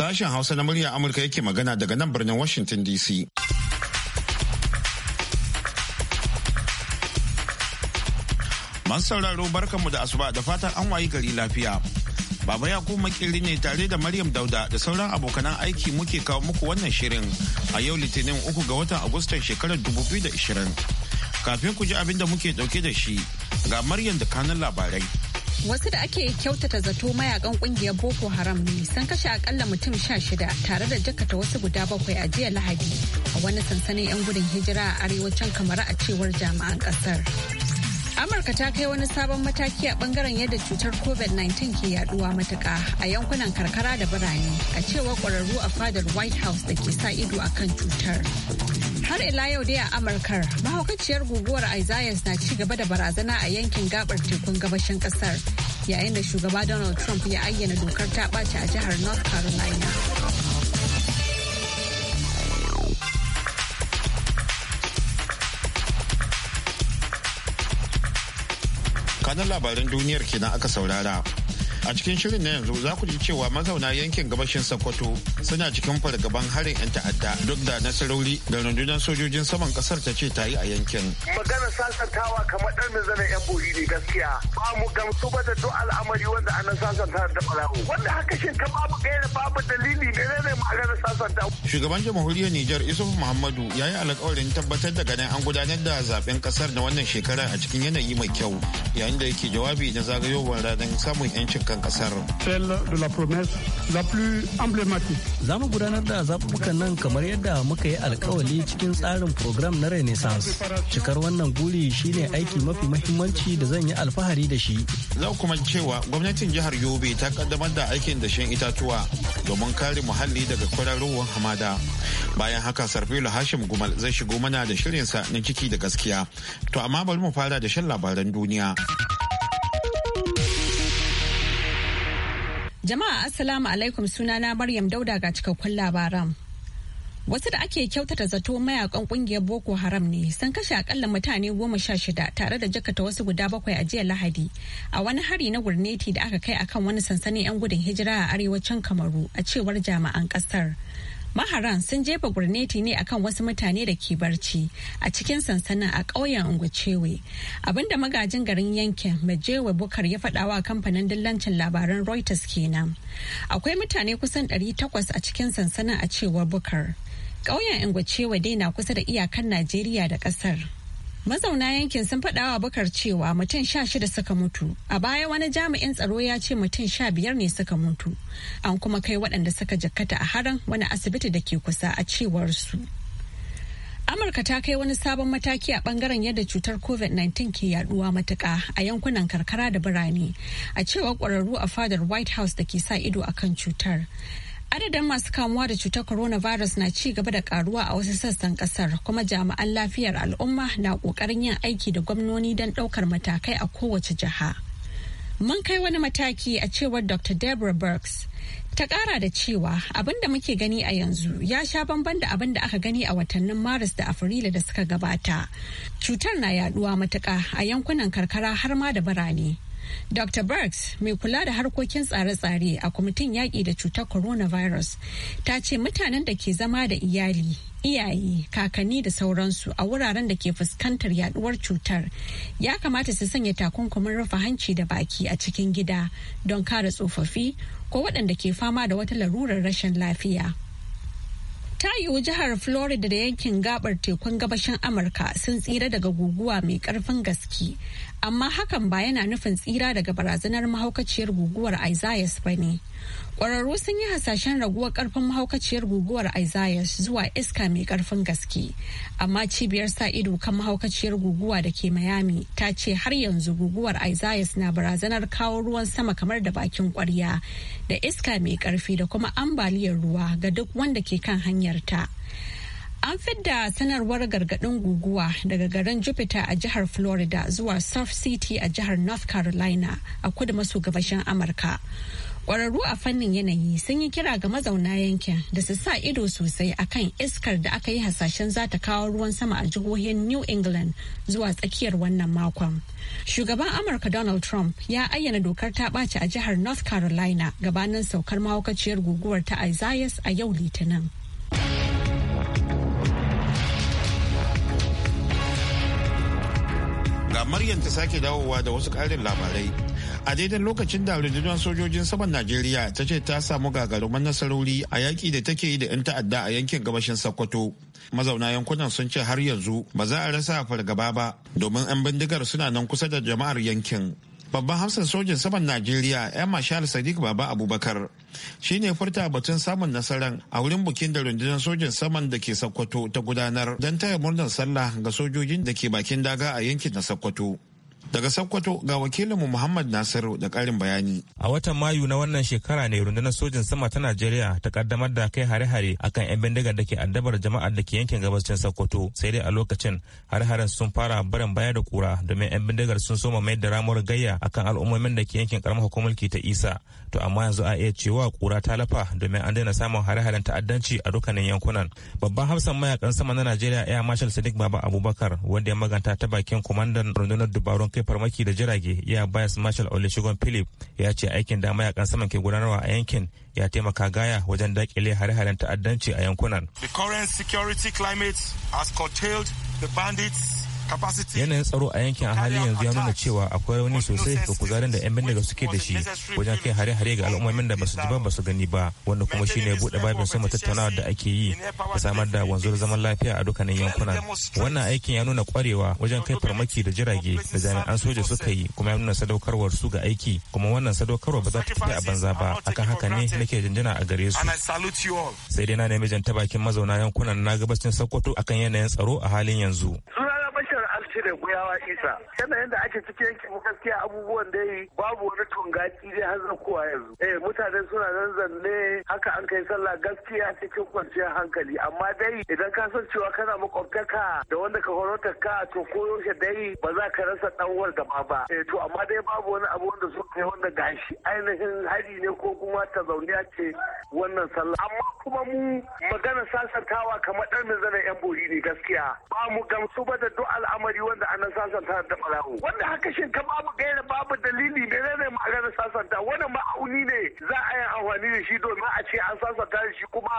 Sashen Hausa na murya Amurka yake magana daga nan birnin Washington DC. Masu sauraro barkanmu da asuba da fatan an wayi gari lafiya. Baba Yakubu makili ne tare da Maryam Dauda da sauran abokanan aiki muke kawo muku wannan shirin a yau Litinin uku ga watan Agustan shekarar 2020. Kafin ku ji abin da muke dauke da shi ga Maryam da kanun labarai. Wasu da ake kyautata zato mayakan kungiyar Boko Haram ne sun kashe akalla mutum sha shida tare da jakata wasu guda bakwai a jiya Lahadi a wani sansanin 'yan gudun hijira a arewacin kamara a cewar jami'an kasar. Amurka ta kai wani sabon mataki a bangaren yadda cutar COVID-19 ke yaduwa matuka a yankunan karkara da birane a cewar ƙwararru a fadar White House da ke sa ido a kan cutar. Har ila yau dai a amurka mahaukaciyar guguwar Isaias na ci gaba da barazana a yankin gabar tekun gabashin kasar yayin da shugaba Donald Trump ya ayyana dokar ta ɓace a jihar North Carolina. kanan labaran duniyar kenan aka saurara. A cikin shirin na yanzu za ku ji cewa mazauna yankin gabashin Sokoto suna cikin fargaban harin 'yan ta'adda duk da nasarori da rundunar sojojin saman kasar ta ce ta yi a yankin. Magana sasantawa kamar ɗan zana 'yan bori ne gaskiya. Ba mu gamsu ba da duk al'amari wanda ana sasanta da ɓarawo. Wanda haka shin ta babu gaira babu dalili ne ne maganar sasanta. Shugaban jamhuriyar Nijar Isuf Muhammadu ya yi alƙawarin tabbatar da ganin an gudanar da zaben kasar na wannan shekarar a cikin yanayi mai kyau yayin da yake jawabi na zagayowar ranar samun 'yancin zaɓuɓɓukan ƙasar. Za mu gudanar da zaɓuɓɓukan nan kamar yadda muka yi alkawali cikin tsarin program na Renaissance. Cikar wannan guri shine aiki mafi mahimmanci da zan yi alfahari da shi. Za kuma cewa gwamnatin jihar Yobe ta kaddamar da aikin dashen itatuwa domin kare muhalli daga kwararowar hamada. Bayan haka Sarfilu Hashim Gumal zai shigo mana da shirinsa na ciki da gaskiya. To amma bari mu fara da shan labaran duniya. Jama'a Assalamu alaikum sunana Maryam Dauda ga cikakkun labaran. Wasu da ake kyautata zato mayakan kungiyar Boko Haram ne sun kashe akalla mutane goma sha shida tare da jakata wasu guda bakwai a jiya Lahadi a wani hari na gurneti da aka kai akan wani sansanin 'yan gudun hijira a arewacin Kamaru a cewar jami'an kasar. maharan sun jefa gurneti ne akan wasu mutane da ke barci a cikin sansanin a ƙauyen ungucewe abinda magajin garin yankin majewa bukar ya faɗawa kamfanin dillancin labaran reuters kenan akwai mutane kusan 800 a cikin sansanin a cewar bukar ƙauyen ungucewe dai na kusa da iyakan najeriya da ƙasar Mazauna yankin sun faɗa wa bakar cewa mutum sha shida suka mutu. A baya wani jami'in tsaro ya ce mutum sha biyar ne suka mutu. An kuma kai waɗanda suka jakkata a haran wani asibiti da ke kusa a cewar su. Amurka ta kai wani sabon mataki a bangaren yadda cutar COVID-19 ke yaduwa matuka a yankunan karkara da birane, a cewar ƙwararru a fadar White House da ke sa ido akan cutar. Adadin masu kamuwa da cutar coronavirus na ci gaba da karuwa a wasu sassan kasar kuma jami'an lafiyar al'umma na kokarin yin aiki da gwamnoni don daukar matakai a kowace jiha. Mun kai wani mataki a cewar Dr. Deborah Burks ta kara da cewa abin da muke gani a yanzu ya sha bamban da abin da aka gani a watannin Maris da Afrilu da suka gabata. Cutar na yaduwa matuka a yankunan karkara har ma da birane. Dr. Burks, mai kula da harkokin tsare-tsare a kwamitin yaƙi da cutar coronavirus, ta ce mutanen da ke zama da iyali, iyaye, kakanni da sauransu a wuraren da ke fuskantar yaduwar cutar ya kamata su sanya takunkumin rufe hanci da baki a cikin gida don kare tsofaffi ko waɗanda ke fama da wata larurar rashin lafiya. ta yiwu jihar florida da yankin gabar tekun gabashin amurka sun tsira daga guguwa mai ƙarfin gaske amma hakan ba yana nufin tsira daga barazanar mahaukaciyar guguwar isaias ba ne ƙwararru sun yi hasashen raguwar ƙarfin mahaukaciyar guguwar isaias zuwa iska mai ƙarfin gaske amma cibiyar sa ido kan mahaukaciyar guguwa da ke miami ta ce har yanzu guguwar isaias na barazanar kawo ruwan sama kamar da bakin ƙwarya da iska mai ƙarfi da kuma ambaliyar ruwa ga duk wanda ke kan hanyarta. An fidda sanarwar gargaɗin guguwa daga garin Jupiter a jihar Florida zuwa South City a jihar North Carolina a kudu maso gabashin Amurka. Ƙwararru a fannin yanayi sun yi kira ga mazauna yankin da su sa ido sosai akan iskar da aka yi hasashen za ta kawo ruwan sama a jihohin New England zuwa tsakiyar wannan makon. Shugaban Amurka Donald Trump ya ayyana dokar ta ɓaci a jihar North Carolina gabanin saukar mahaukaciyar guguwar ta Isaias a yau Litinin. Maryam ta sake dawowa da wasu karin labarai. A daidai lokacin da rundunar sojojin saman Najeriya ta ce ta samu gagaruman nasarori a yaƙi da take yi da 'yan ta'adda a yankin gabashin Sokoto. Mazauna yankunan sun ce har yanzu ba za a rasa fargaba ba domin 'yan bindigar suna nan kusa da jama'ar yankin. babban hamsin sojin saman najeriya yan mashal sadiq baba abubakar shi ne furta batun samun nasarar a wurin bukin da rundunar sojin saman da ke Sokoto ta gudanar don taya murnar sallah ga sojojin da ke bakin daga a yankin na Sokoto. Daga Sokoto ga wakilinmu Muhammad Nasiru da karin bayani. A watan Mayu na wannan shekara ne rundunar sojin sama ta Najeriya ta kaddamar da kai hare-hare akan 'yan bindigar da ke addabar jama'ar da ke yankin gabashin Sokoto. Sai dai a lokacin hare-haren sun fara barin baya da kura domin 'yan bindigar sun soma mai da ramuwar gayya akan al'ummomin da ke yankin karamar hukumar ta Isa. To amma yanzu a iya cewa kura ta lafa domin an daina samun hare-haren ta'addanci a dukkanin yankunan. Babban hafsan mayakan sama na Najeriya Air Marshal Sadiq Baba Abubakar wanda ya maganta ta bakin kwamandan rundunar dubarun kai farmaki da jirage ya bias marshal olusegun philip ya ce aikin da mayakan saman ke gudanarwa a yankin ya taimaka gaya wajen dakile hare-haren ta'addanci a yankunan the current security climate has curtailed the bandits yanayin tsaro a yankin a halin yanzu ya nuna cewa akwai rauni sosai ga kuzarin da 'yan bindiga suke da shi wajen kai hare-hare ga al'ummomin da basu ji ba basu gani ba wanda kuma shine bude babin sama tattaunawa da ake yi da samar da wanzuwar zaman lafiya a dukkanin yankunan wannan aikin ya nuna kwarewa wajen kai farmaki da jirage da jami'an soja suka yi kuma ya nuna sadaukarwar su ga aiki kuma wannan sadaukarwa ba za ta tafi a banza ba akan haka ne nake jinjina a gare su sai dai na nemi jan ta bakin mazauna yankunan na gabacin sokoto akan yanayin tsaro a halin yanzu. shi da guyawa isa yanayin da ake cikin yankin gaskiya abubuwan da yi babu wani tungaki dai har kowa yanzu eh mutane suna nan zanne haka an kai sallah gaskiya cikin kwanciyar hankali amma dai idan ka san cewa kana makwabtaka da wanda ka horota ka to yaushe dai ba za ka rasa ɗanwar gaba ba eh to amma dai babu wani abu wanda suka kai wanda gashi ainihin hari ne ko kuma ta zaune ce wannan sallah amma kuma mu magana sasantawa kamar ɗan zana yan bori ne gaskiya ba mu gamsu ba da duk al'amari wanda ana sasanta da barawo wanda haka shin ka babu gaira babu dalili ne ne maganar sasanta wani ma'auni ne za a yi amfani da shi domin a ce an sasanta da shi kuma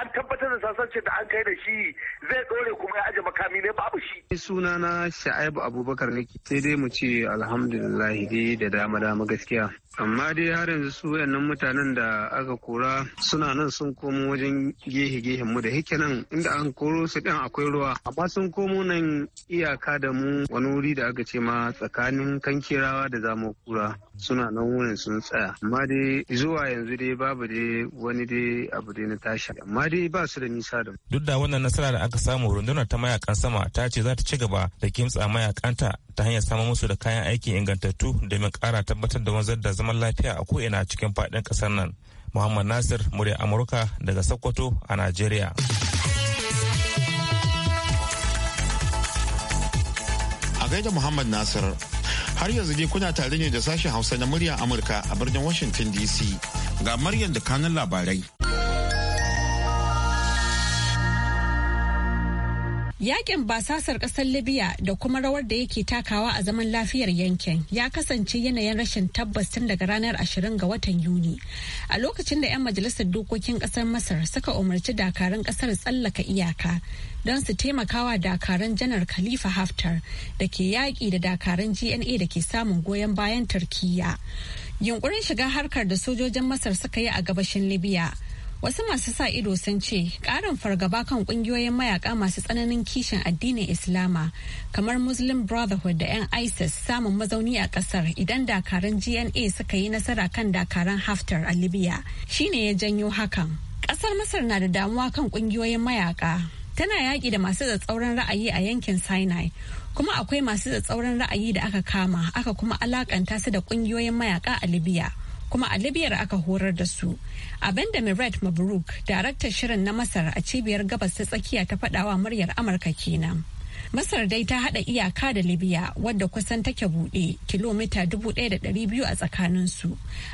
an tabbatar da sasance da an kai da shi zai dore kuma ya aje makami ne babu shi sunana sha'ib abubakar nake sai dai mu ce alhamdulillah dai da dama dama gaskiya amma dai har yanzu su wayannan mutanen da aka kora suna nan sun komo wajen gehe gehen mu da hike nan inda an koro su din akwai ruwa amma sun komo nan iyaka da mu wani wuri da aka ce ma tsakanin kankirawa da zamu kura suna nan wurin sun tsaya amma dai zuwa yanzu dai babu dai wani dai abu dai na tashi amma dai ba su da nisa da duk da wannan nasara da aka samu rundunar ta mayakan sama ta ce za ta ci gaba da kimtsa mayakanta ta hanyar samun musu da kayan aikin ingantattu da mai kara tabbatar da wanzar da zaman lafiya a ko'ina cikin faɗin ƙasar nan. Muhammad Nasir murya Amurka daga Sokoto a Najeriya. A gaida Muhammad Nasir, har yanzu ne kuna tare ne da sashen Hausa na murya Amurka a birnin Washington DC. Ga Maryam da kanun labarai. Yakin basasar ƙasar Libya da kuma rawar da yake takawa a zaman lafiyar yankin ya kasance yanayin rashin tabbas tun daga ranar 20 ga watan Yuni. A lokacin da 'yan majalisar dokokin ƙasar Masar suka umarci dakarun ƙasar tsallaka iyaka don su taimakawa dakarun janar Khalifa Haftar da ke yaƙi da dakarun GNA da ke samun goyon bayan Turkiyya. Yunkurin shiga harkar da sojojin Masar suka yi a gabashin Libya. Wasu masu sa ido sun ce ƙarin fargaba kan ƙungiyoyin mayaka masu tsananin kishin addinin Islama kamar Muslim Brotherhood da 'yan ISIS samun mazauni a ƙasar idan dakarun GNA suka yi nasara kan dakarun Haftar a Libya shine ya janyo hakan. Ƙasar Masar na da damuwa kan ƙungiyoyin mayaka. Tana yaƙi da masu tsatsauran ra'ayi a yankin Sinai. kuma akwai masu tsatsauran ra'ayi da aka kama aka kuma alakanta su da kungiyoyin mayaka a libya kuma a Libiyar aka horar da su abinda mirat mabruk daraktar shirin na masar a cibiyar gabas ta tsakiya ta faɗawa muryar amurka kenan masar dai ta haɗa iyaka da libya wadda kusan take buɗe kilomita 1,200 a tsakaninsu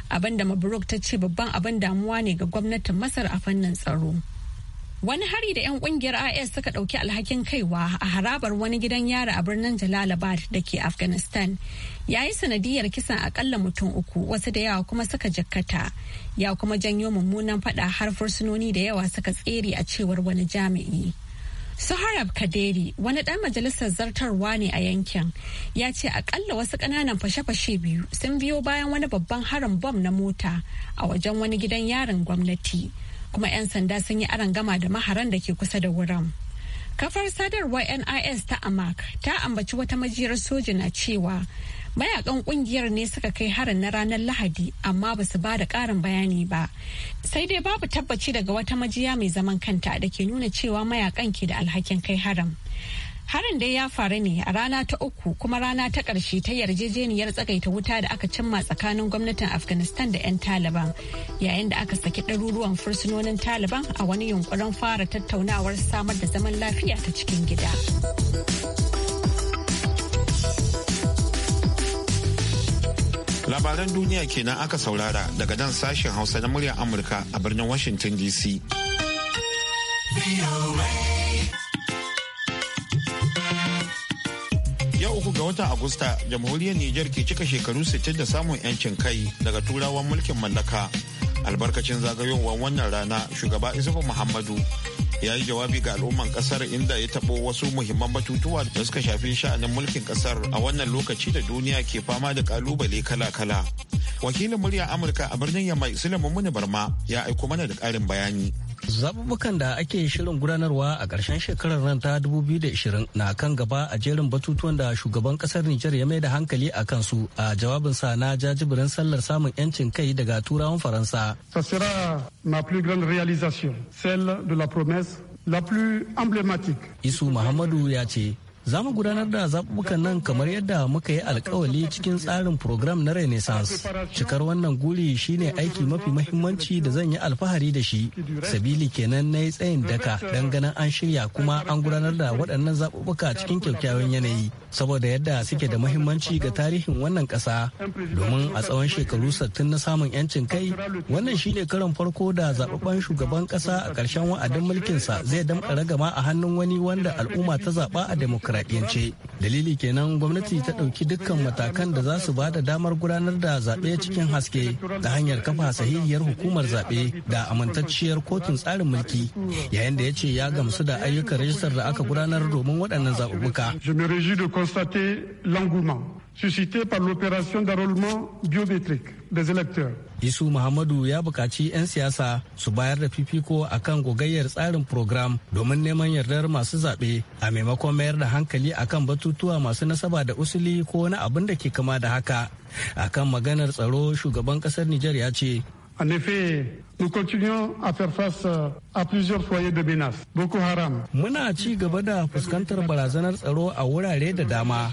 abinda mabruk ta ce babban abin damuwa ne ga gwamnatin masar a fannin tsaro Wani hari da 'yan kungiyar IS suka ɗauki alhakin kaiwa a harabar wani gidan yara a birnin Jalalabad da ke Afghanistan ya yi sanadiyar kisan akalla mutum uku wasu da yawa kuma suka jakkata ya kuma janyo mummunan faɗa har fursunoni da yawa suka tsere a cewar wani jami'i. Suharab Kaderi wani ɗan majalisar zartarwa ne a yankin ya ce akalla wasu ƙananan fashe-fashe biyu sun biyo bayan wani babban harin bom na mota a wajen wani gidan yarin gwamnati kuma 'yan sanda sun yi gama da maharan da ke kusa da wurin. Kafar sadarwa NIS ta Amak ta ambaci wata majiyar soja na cewa mayakan kungiyar ne suka kai harin na ranar Lahadi amma ba su ba da ƙarin bayani ba. Sai dai babu tabbaci daga wata majiya mai zaman kanta da ke nuna cewa mayakan ke da alhakin kai harin. Harin dai ya faru ne a rana ta uku kuma rana ta ƙarshe ta yarjejeniyar tsagaita wuta da aka cimma tsakanin gwamnatin Afghanistan da 'yan Taliban yayin da aka saki ɗaruruwan fursunonin Taliban a wani yunkurin fara tattaunawar samar da zaman lafiya ta cikin gida. Labaran duniya kenan aka saurara daga nan sashen Hausa na muryar Amurka a birnin Washington DC. Yau uku ga watan Agusta, jamhuriyar niger ke cika shekaru 60 da samun 'yancin kai daga turawan mulkin mallaka. Albarkacin zagayowar wannan rana, shugaba Isufu Muhammadu ya yi jawabi ga al'umman kasar inda ya tabo wasu muhimman batutuwa da suka shafi sha'anin mulkin kasar a wannan lokaci da duniya ke fama da kalubale kala-kala. Wakilin murya Amurka a birnin Yamai Sulaiman Muni Barma ya aiko mana da ƙarin bayani. Zaɓuɓɓukan da ake shirin gudanarwa a ƙarshen shekarar nan ta 2020 na kan gaba a jerin batutuwan da shugaban ƙasar Nijar ya mai da hankali a kansu a jawabinsa na jajibirin sallar samun 'yancin kai daga turawan Faransa. Ça sera ma plus grande réalisation, celle de la promesse la plus emblématique. Isu Muhammadu ya ce za mu gudanar da zaɓuɓɓukan nan kamar yadda muka yi alkawali cikin tsarin program na renaissance cikar wannan guri shine aiki mafi mahimmanci da zan yi alfahari da shi sabili kenan na yi tsayin daka don ganin an shirya kuma an gudanar da waɗannan zaɓuɓɓuka cikin kyakkyawan yanayi saboda yadda suke da mahimmanci ga tarihin wannan ƙasa domin a tsawon shekaru sattin na samun 'yancin kai wannan shine karon farko da zaɓaɓɓen shugaban ƙasa a ƙarshen wa'adin mulkinsa zai damƙa ragama a hannun wani wanda al'umma ta zaɓa a demokra demokuraɗiyance dalili kenan gwamnati ta ɗauki dukkan matakan da za su ba da damar gudanar da zaɓe cikin haske ta hanyar kafa sahihiyar hukumar zaɓe da amintacciyar kotun tsarin mulki yayin da ya ce ya gamsu da ayyukan rajistar da aka gudanar domin waɗannan zaɓuɓɓuka. suscité par l'opération d'enrôlement biométrique des électeurs. Isu Muhammadu ya bukaci 'yan siyasa su bayar da fifiko a kan gogayyar tsarin program domin neman yardar masu zaɓe a maimakon mayar da hankali a kan batutuwa masu nasaba da usuli ko na abin da ke kama da haka. A kan maganar tsaro shugaban ƙasar Nijar ya ce En effet, nous continuons à faire face euh, à plusieurs foyers de menace. Boko Haram. Muna ci gaba da fuskantar barazanar tsaro a wurare da dama.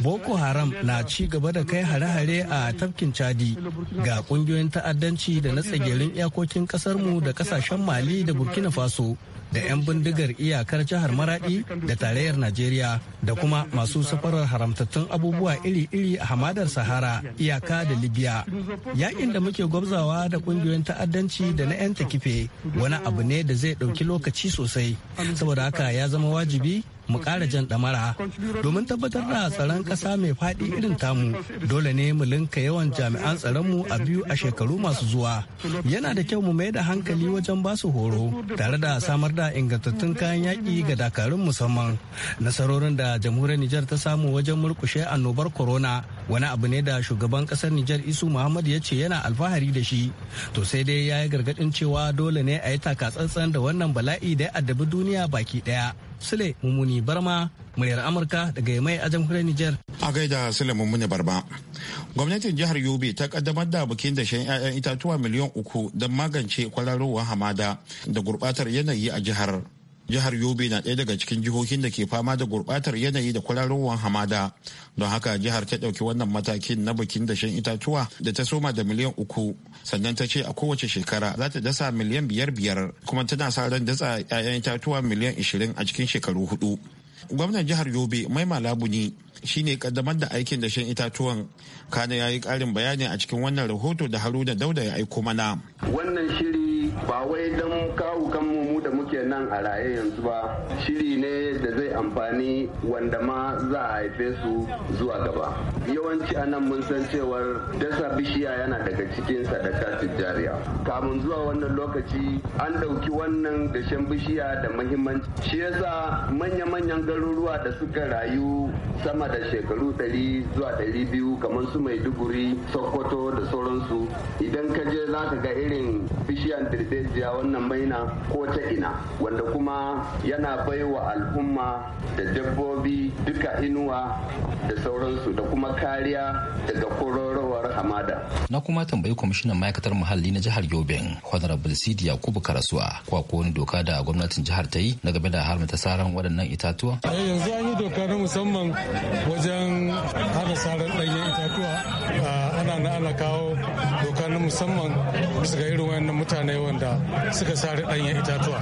Boko Haram na ci gaba da kai hare-hare a tafkin Chadi ga kungiyoyin ta'addanci da na tsagerin iyakokin kasar mu da kasashen Mali da Burkina Faso da 'yan bindigar iyakar jihar maradi da tarayyar najeriya da kuma masu safarar haramtattun abubuwa iri-iri a hamadar sahara iyaka da libya yakin da muke gwabzawa da kungiyoyin ta'addanci da na 'yan kife wani abu ne da zai ɗauki lokaci sosai saboda haka ya zama wajibi mu ƙara jan ɗamara domin tabbatar da tsaron ƙasa mai faɗi irin tamu dole ne mu linka yawan jami'an tsaronmu a biyu a shekaru masu zuwa yana da kyau mu mai da hankali wajen basu horo tare da samar da ingantattun kayan yaki ga dakarun musamman nasarorin da jamhuriyar Nijar ta samu wajen murkushe annobar corona wani abu ne da shugaban ƙasar Nijar Isu Muhammad ya ce yana alfahari da shi to sai dai ya yi gargaɗin cewa dole ne a yi takatsantsan da wannan bala'i da ya addabi duniya baki ɗaya Sule Mumuni Barma muryar Amurka daga Yamai a jamhuriyar Nijar. A gaida Sule Mumuni Barma. Gwamnatin jihar Yobe ta kaddamar da bikin dashen 'ya'yan itatuwa miliyan uku don magance kwararowar hamada da gurbatar yanayi a jihar. jihar yobe na ɗaya daga cikin jihohin da ke fama da gurɓatar yanayi da kwararowar hamada don haka jihar ta ɗauki wannan matakin na bikin dashen itatuwa da ta soma da miliyan uku sannan ta ce a kowace shekara za ta dasa miliyan biyar biyar kuma tana sa ran dasa 'ya'yan itatuwa miliyan ishirin a cikin shekaru hudu gwamnan jihar yobe mai shi ne kaddamar da aikin da shan itatuwan kana ya yi karin bayani a cikin wannan rahoto da haruna dauda ya aiko mana wannan shiri ba wai don kawo kanmu mu da muke nan a raye yanzu ba shiri ne da zai amfani wanda ma za a haife su zuwa gaba yawanci a nan mun san cewar dasa bishiya yana daga cikin sadaka tijjariya kamun zuwa wannan lokaci an ɗauki wannan dashen bishiya da muhimmanci shi yasa manya-manyan garuruwa da suka rayu sama da shekaru 100 zuwa 200 kamar su maiduguri sokoto da sauransu idan ka je za ka ga irin bishiyan dirbejiya wannan maina ko ta ina wanda kuma yana baiwa al'umma da dabbobi duka inuwa da sauransu da kuma kariya daga kororowar hamada. Na kuma tambayi kwamishinan ma'aikatar muhalli na jihar Yobe, Honorable Sidi Yakubu Karasuwa, ko ko wani doka da gwamnatin jihar ta yi na game da haramta saran waɗannan itatuwa? Yanzu an yi doka na musamman wajen hana saran ɗanyen itatuwa ana na ana kawo doka musamman bisa ga irin wannan mutane wanda suka sare danyen itatuwa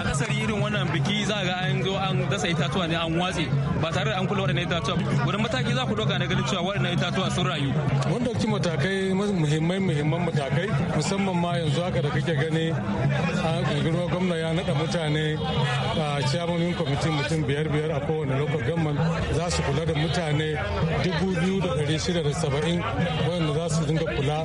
a kasar irin wannan biki za ga an zo an dasa itatuwa ne an watse ba tare da an kula waɗannan itatuwa wani mataki za ku doka na ganin cewa waɗannan itatuwa sun rayu mun ɗauki matakai muhimmai muhimman matakai musamman ma yanzu haka da kake gani a gurgurwa gwamna ya naɗa mutane a ciyamomin kwamitin mutum biyar biyar a kowane lokacin gamman za su kula da mutane dubu biyu da ɗari shida da saba'in wanda za su dinga kula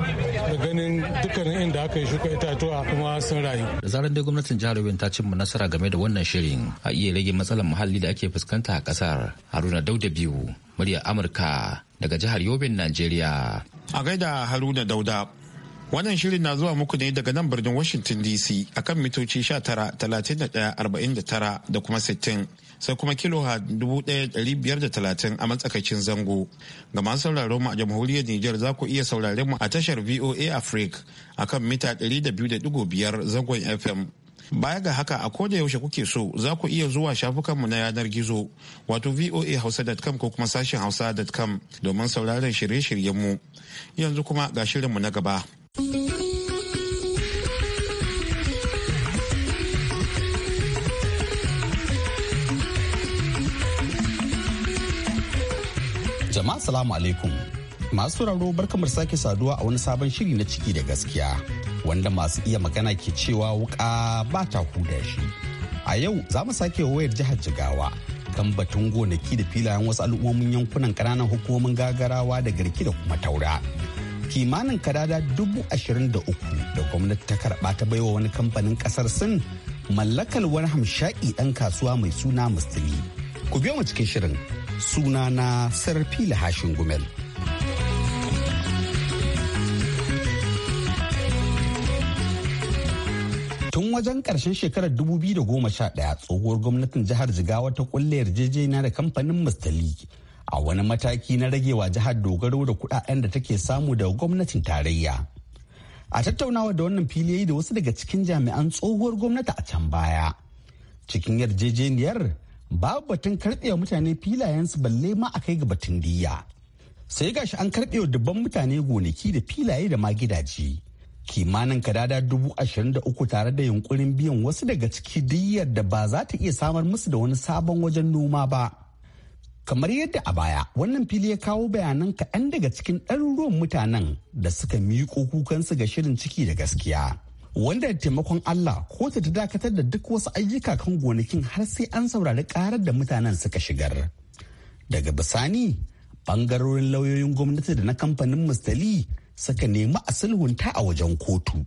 da gani ganin dukkanin inda aka yi shuka itatuwa kuma sun rayu. Da zarar dai gwamnatin jihar Yobe ta cimma nasara game da wannan shirin a iya rage matsalar muhalli da ake fuskanta a kasar. Haruna Dauda biyu murya Amurka daga jihar Yobe Najeriya. A gaida Haruna Dauda. Wannan shirin na zuwa muku ne daga nan birnin Washington DC akan mitoci 19, 31, 49 da da tara kuma sittin. sai kuma kilo talatin a matsakaicin zango. Ga masu sauraron mu a jamhuriyar Nijar za ku iya sauraren mu a tashar VOA Africa a kan mita biyar zangon FM. Baya ga haka a koda yaushe kuke so za ku iya zuwa shafukanmu na yanar gizo wato voa voahausa.com ko kuma sashen hausa.com domin sauraron shirye-shiryenmu. Yanzu kuma ga shirinmu na gaba. Jama'a salamu alaikum. Masu sauraro barkamar sake saduwa a wani sabon shiri na ciki da gaskiya wanda masu iya magana ke cewa wuka ba ta huda shi. A yau za mu sake wayar jihar Jigawa kan batun gonaki da filayen wasu al'ummomin yankunan ƙananan hukumomin gagarawa da garki da kuma taura. Kimanin kadada dubu ashirin da uku da gwamnati ta karɓa ta baiwa wani kamfanin ƙasar Sin mallakar wani hamshaƙi ɗan kasuwa mai suna Mustili. Ku biyo mu cikin shirin suna na sarfila hashin gumel. Tun wajen ƙarshen shekarar 2011 tsohuwar gwamnatin jihar Jigawa ta kulle yarjejeniya da kamfanin Mustali a wani mataki na ragewa jihar dogaro da kudaden da take samu daga gwamnatin tarayya. A tattaunawa da wannan fili da wasu daga cikin jami'an tsohuwar gwamnati a can baya. Cikin yarjejeniyar babu batun karɓewa mutane filayensu balle ma a kai ga batun diya sai gashi an karɓewa dubban mutane gonaki da filaye da ma gidaje kimanin kadada dubu ashirin da uku tare da yunkurin biyan wasu daga ciki diyyar da ba za ta iya samar musu da wani sabon wajen noma ba kamar yadda a baya wannan fili ya kawo bayanan kaɗan daga cikin ɗaruruwan mutanen da suka miƙo kukansu ga shirin ciki da gaskiya wanda da taimakon Allah ko ta dakatar da duk wasu ayyuka kan gonakin har sai an saurari karar da mutanen suka shigar. Daga bisani bangarorin lauyoyin gwamnati da na kamfanin Mustali suka nemi a sulhunta a wajen kotu.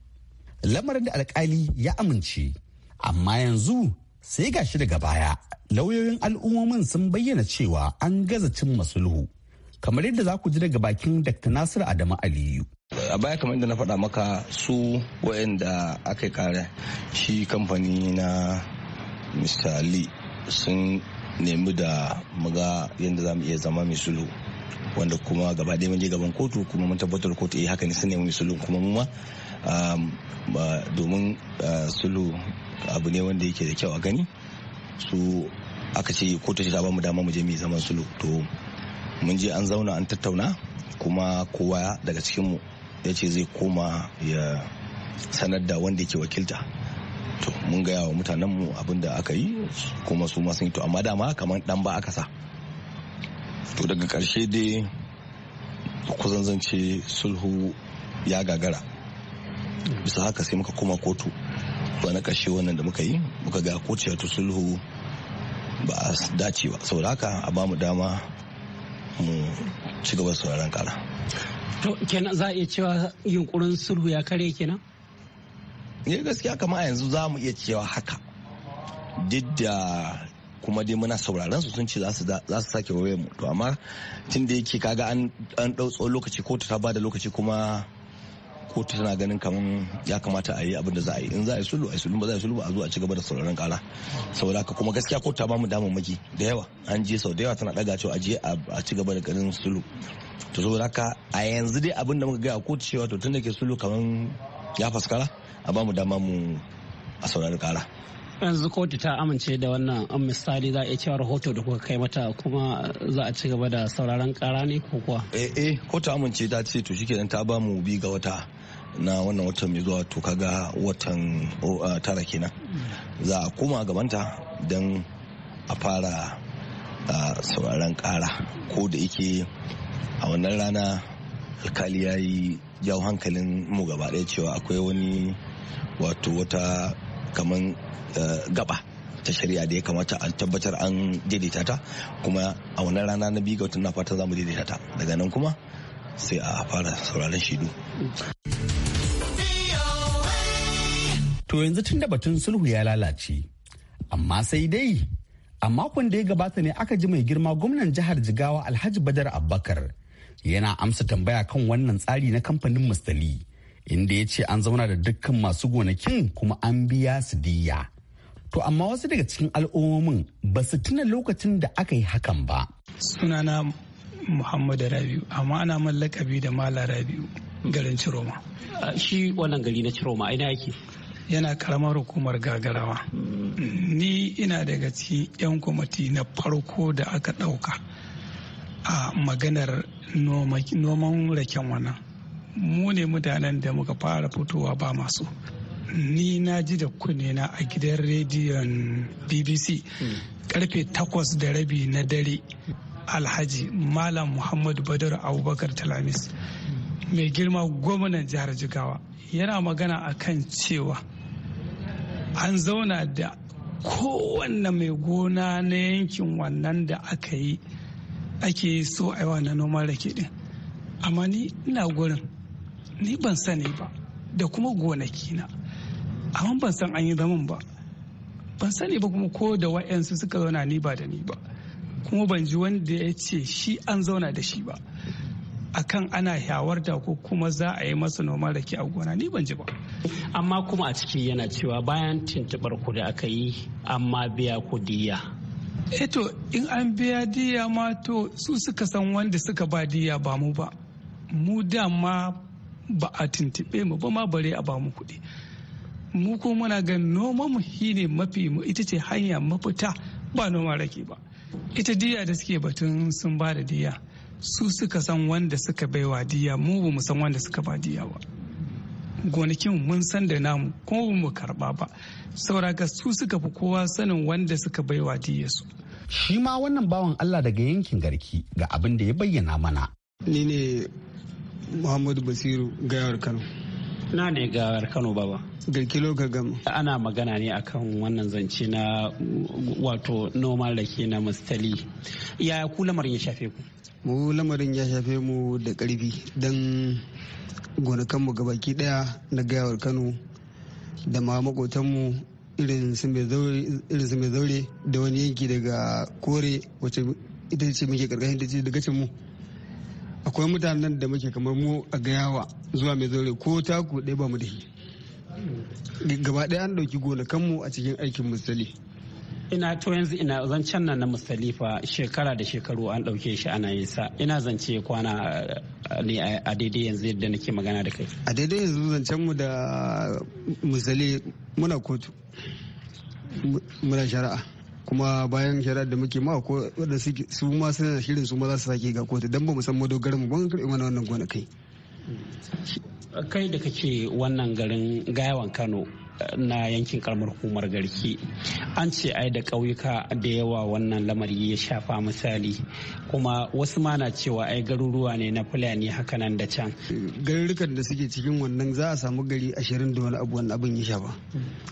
Lamarin da alkali ya amince, amma yanzu sai ga shi daga baya lauyoyin al'ummomin sun bayyana cewa an gaza cimma sulhu. Kamar yadda za ku ji daga bakin Dr. Nasiru Adamu Aliyu. a baya kamar inda na faɗa maka su waɗanda aka kare shi kamfani na mr lee sun nemi da muga yadda za mu iya zama mai sulhu wanda kuma gaba ɗaya mun je gaban kotu kuma mun tabbatar kotu eh haka ne sun nemi sulhu kuma mu ma um, domin uh, sulhu abu ne wanda yake da kyau a gani su aka ce kotu ce ta ba mu dama mu je mu zaman sulhu to mun je an zauna an tattauna kuma kowa daga cikin mu ya ce zai koma ya sanar da wanda ke wakilta to mun gaya wa mutanenmu abin da aka yi kuma su sun yi to amma dama kamar dan ba aka sa to daga karshe dai ku zanzance sulhu ya gagara bisa haka sai muka koma kotu ba na ƙarshe wannan da muka yi muka ga kotu sulhu ba a dace ba saboda haka a bamu dama mu ci gaba sauraron kara to kenan za a iya cewa yunkurin sulhu ya kare kenan ne eh, gaskiya kamar a yanzu za mu iya cewa haka duk da kuma dai muna sauraron su sun ce za su sake waye mu to amma tun da yake kaga an dau tsawon lokaci ko ta ba da lokaci kuma kotu tana ganin kamar ya kamata a yi abin da za a yi in za a yi sulhu a yi sulhu ba za a yi sulhu a zo a ci gaba da sauraron kara saboda haka kuma gaskiya kotu ta bamu damammaki da yawa an je sau da yawa tana daga cewa a je a ci gaba da ganin sulhu to saboda haka a yanzu dai abin da muka gaya a kotu cewa to tun da ke sulhu kamar ya faskara a bamu dama mu a sauraron kara yanzu kotu ta amince da wannan an um, misali za a iya cewa rahoto da kuka kai mata kuma za a ci gaba da sauraron kara ne ko kuwa eh eh kotu amince ta ce to shikenan ta ba mu bi ga wata na wannan watan mai zuwa to kaga watan tara kenan za a koma gabanta don a fara sauraron kara ko da yake a wannan rana alkali ya yi jawo hankalin mu gaba ɗaya cewa akwai wani wato wata kamar eh, gaba ta shari'a da ya kamata an tabbatar an daidaita ta kuma a wannan rana na biyu ga watan na fatan za mu daidaita ta daga nan kuma sai a fara sauraron shaidu. To yanzu tun da batun sulhu ya lalace, amma sai dai a makon da ya gabata ne aka ji mai girma gwamnan jihar Jigawa Alhaji Badar Abubakar yana amsa tambaya kan wannan tsari na kamfanin Mustali inda ya ce an zauna da dukkan masu gonakin kuma an biya su diya. To amma wasu daga cikin al'ummomin ba su tuna lokacin da aka yi hakan ba. Sunana Muhammadu Rabiu, amma ana man lakabi da Mala Rabiu garin Ciroma. Shi wannan gari na Ciroma ina yake? Yana karamar hukumar gagarawa. Ni ina daga cikin 'yan kwamati na farko da aka ɗauka a maganar noman raken wannan. mu ne mutanen da muka fara fitowa ba masu ni na ji da kunne na a gidan rediyon bbc karfe takwas da rabi na dare alhaji malam muhammadu badar abubakar talamis mai girma gwamnan jihar jigawa yana magana a kan cewa an zauna da kowanne mai gona na yankin wannan da aka yi ake so a yi na noman rake din amma ni ina gurin ni ban sani ba da kuma gonaki na amma ban san an yi zaman ba ban sani ba kuma ko da wa'yansu suka zauna ni ba da ni ba kuma ban ji wanda ya ce shi an zauna da shi ba akan ana shawarta ko kuma za a yi masa noman rake a gona ni ban ji ba amma kuma a ciki yana cewa bayan tuntubar ku da aka yi amma biya ku diya eto eh in an biya diya ma to su suka san wanda suka ba diya ba mu ba mu dama ba a tuntuɓe mu ba ma bare a ba mu kuɗi mu ko muna ga noma mu ne mafi mu ita ce hanya mafita ba noma rake ba ita diya da suke batun sun ba da diya su suka san wanda suka baiwa diya mu ba mu san wanda suka ba diya ba gonakin mun san da namu kuma ba mu karba ba sauraka su suka fi kowa sanin wanda suka baiwa diya su shi ma wannan bawan Allah daga yankin garki ga abin da ya bayyana mana ni ne muhammadu basiru gayawar kano na ne gawar kano baba Garki ga gama ana magana ne akan wannan zance na wato normal da ke na mustali yaya ku lamarin ya shafe ku mu lamarin ya shafe mu da karfi don gonakanmu baki daya na gayawar kano da ma makotanmu irin su mai zaure da wani yanki daga kore wacce ita ce muke karkashin da ce daga mu akwai mutanen da muke kamar mu a gayawa zuwa mai zaure ko taku ɗaya ba mu da shi gaba ɗaya an ɗauki gonakanmu a cikin aikin misali ina to yanzu ina zancen nan na fa shekara da shekaru an ɗauke shi ana yin sa ina zance kwana eh, ne a daidai yanzu yadda nake magana da kai a daidai yanzu zancen mu da musali muna kotu muna shari'a kuma bayan shari'ar da muke ma ko wanda su ma suna shirin su ma za su sake ga kotu don ba mu san madogarar mu ban karɓi mana wannan gonakai kai da kake wannan garin gayawan kano eh, na yankin karamar hukumar garki an ce ai da ƙauyuka da yawa wannan lamari ya shafa misali kuma wasu ma na cewa ai garuruwa ne na fulani haka nan da can garurukan da suke cikin wannan za a samu gari ashirin da wani abu wani abin ya shafa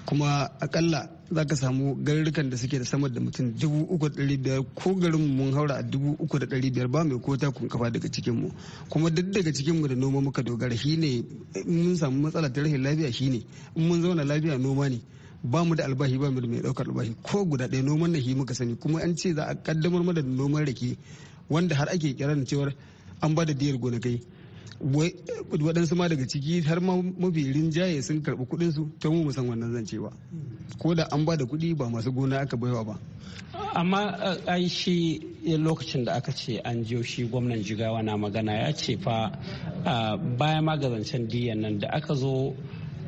kuma akalla za ka samu garurrukan da suke da sama da mutum dubu uku da biyar ko garin mun haura a dubu uku da ɗari biyar ba mai ko takun kafa daga cikin kuma duk daga cikin da noma muka dogara shine mun samu matsala ta rashin lafiya shine in mun zauna lafiya noma ne ba mu da albashi ba mu da mai daukar albashi ko guda ɗaya noman na shi muka sani kuma an ce za a kaddamar mana da noman rake wanda har ake kiran cewar an ba da diyar gonakai waɗansu ma daga ciki har ma mafi rinjaye sun karɓi kuɗin su ta mu san wannan zancewa ko da an ba da kuɗi ba masu gona aka baiwa ba amma eh, ai shi lokacin da aka ce an jiyo shi gwamnan jigawa na magana ya ce fa eh, baya ma zancen diyan nan da aka zo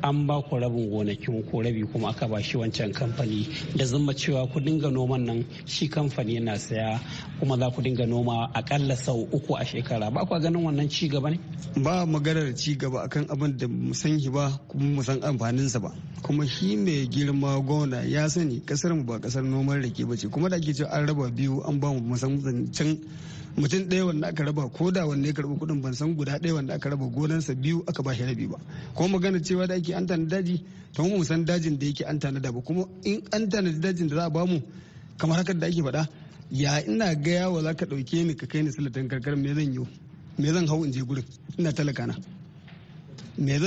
an ba ku rabin gonakin ko rabi kuma aka ba shi wancan kamfani da zama cewa ku dinga noman nan shi kamfani yana saya kuma za ku dinga noma akalla sau uku a shekara ba kwa ganin wannan ci gaba ne ba maganar ci gaba akan abin da mu san shi ba kuma mu san amfaninsa ba kuma shi mai girma gona ya sani kasar mu ba kasar noman rake ba ce kuma da ake cewa an raba biyu an ba mu musan can mutum ɗaya wanda aka raba ko da wanda ya karɓi kuɗin ban san guda ɗaya wanda aka raba gonansa biyu aka ba shi rabi ba ko magana cewa da ake an tanada daji to mu san dajin da yake an tanada ba kuma in an tanada dajin da za a bamu kamar haka da ake faɗa ya ina ga yawo za ka ɗauke ni ka kai ni silatan karkar me zan yi me zan hau in je gurin ina talaka na me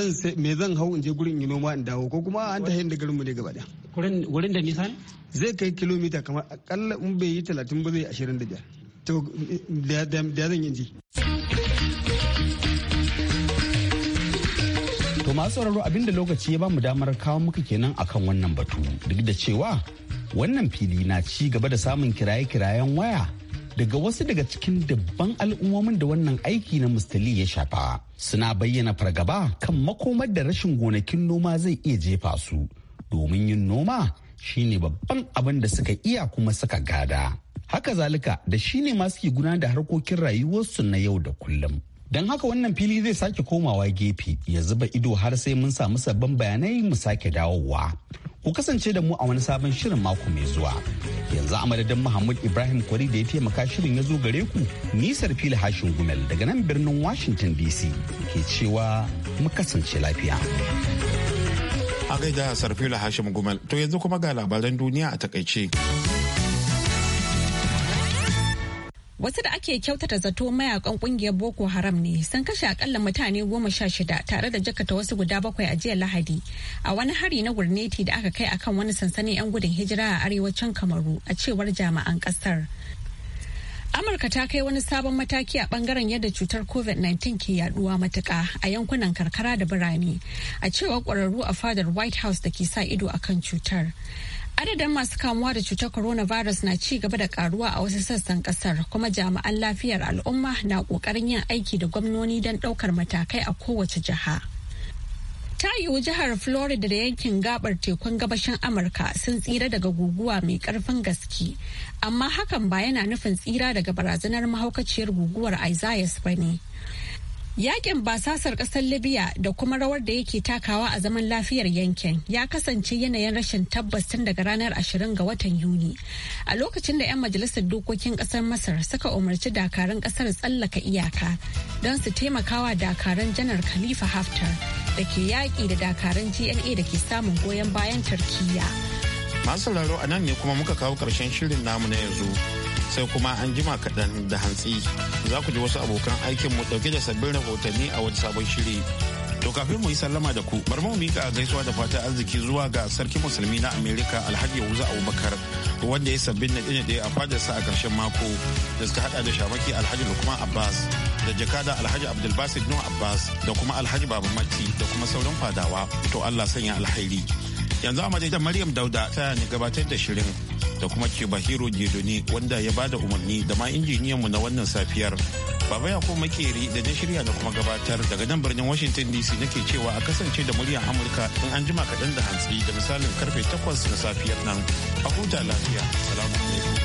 zan hau in je gurin in noma in dawo ko kuma an ta da garinmu ne gaba wurin da nisa ne zai kai kilomita kamar akalla in bai yi talatin ba zai ashirin da biyar to da zan yi ji. To masu sauraro abinda lokaci ya bamu damar kawo muka kenan akan wannan batu duk da cewa wannan fili na ci gaba da samun kiraye-kirayen waya daga wasu daga cikin dabban al'ummomin da wannan aiki na mustali ya shafa suna bayyana fargaba kan makomar da rashin gonakin noma zai iya jefa su domin yin noma shine babban abin da suka iya kuma suka gada. haka zalika da shi ne masu ke gudanar da harkokin rayuwarsu na yau da kullum don haka wannan fili zai sake komawa gefe ya zuba ido har sai mun samu sabbin bayanai mu sake dawowa ku kasance da mu a wani sabon shirin mako mai zuwa yanzu a madadin muhammad ibrahim kwari da ya taimaka shirin ya zo gare ku nisar fili hashin gumel daga nan birnin washington dc ke cewa mu kasance lafiya a gaida sarfila hashim gumel to yanzu kuma ga labaran duniya a takaice Wasu da ake kyautata zato mayakan kungiyar Boko Haram ne sun kashe akalla mutane goma sha shida tare da jakata wasu guda bakwai a jiya Lahadi a wani hari na gurneti da aka kai akan wani sansanin 'yan gudun hijira a arewacin Kamaru a cewar jama'an kasar. Amurka ta kai wani sabon mataki a bangaren yadda cutar COVID-19 ke yaduwa matuka a yankunan karkara da birane a cewar kwararru a fadar White House da ke sa ido akan cutar. Adadin masu kamuwa da cutar coronavirus na ci gaba da karuwa a wasu sassan kasar kuma jami'an lafiyar al'umma na kokarin yin aiki da gwamnoni don daukar matakai a kowace jiha. Ta yiwu jihar Florida da yankin gabar tekun gabashin Amurka sun tsira daga guguwa mai karfin gaske, amma hakan ba yana nufin tsira daga barazanar mahaukaciyar guguwar Isaias ba ne. Yakin basasar ƙasar Libya da kuma rawar da yake takawa a zaman lafiyar yankin ya kasance yanayin rashin tabbas tun daga ranar 20 ga watan Yuni. A lokacin da 'yan majalisar dokokin ƙasar Masar suka umarci dakarun ƙasar tsallaka iyaka don su taimakawa dakarun janar Khalifa Haftar da ke yaƙi da dakarun GNA da ke samun goyon bayan Turkiyya. Masu sauraro a nan ne kuma muka kawo karshen shirin namu na yanzu. sai kuma an jima kaɗan da hantsi za ku ji wasu abokan aikin mu ɗauke da sabbin rahotanni a wani sabon shiri. To kafin mu yi sallama da ku bari mu miƙa gaisuwa da fatan arziki zuwa ga sarki musulmi na Amerika Alhaji Yahuza Abubakar wanda ya sabbin na ɗaya a fadarsa a ƙarshen mako da suka haɗa da shamaki Alhaji Lukman Abbas da jakada Alhaji Abdulbasit Nuh Abbas da kuma Alhaji Baba mati da kuma sauran fadawa. To Allah sanya alhairi. Yanzu a madadin Maryam Dauda ta gabatar da shirin. da kuma ke Kebahiro Jedone wanda ya ba da umarni da ma injiniyanmu na wannan safiyar. Baba ya kuma Makeri da na shirya da kuma gabatar daga nan birnin Washington DC nake cewa a kasance da muryar Amurka in an jima kaɗan da hantsi da misalin karfe takwas na safiyar nan. A huta lafiya. Salamu alaikum.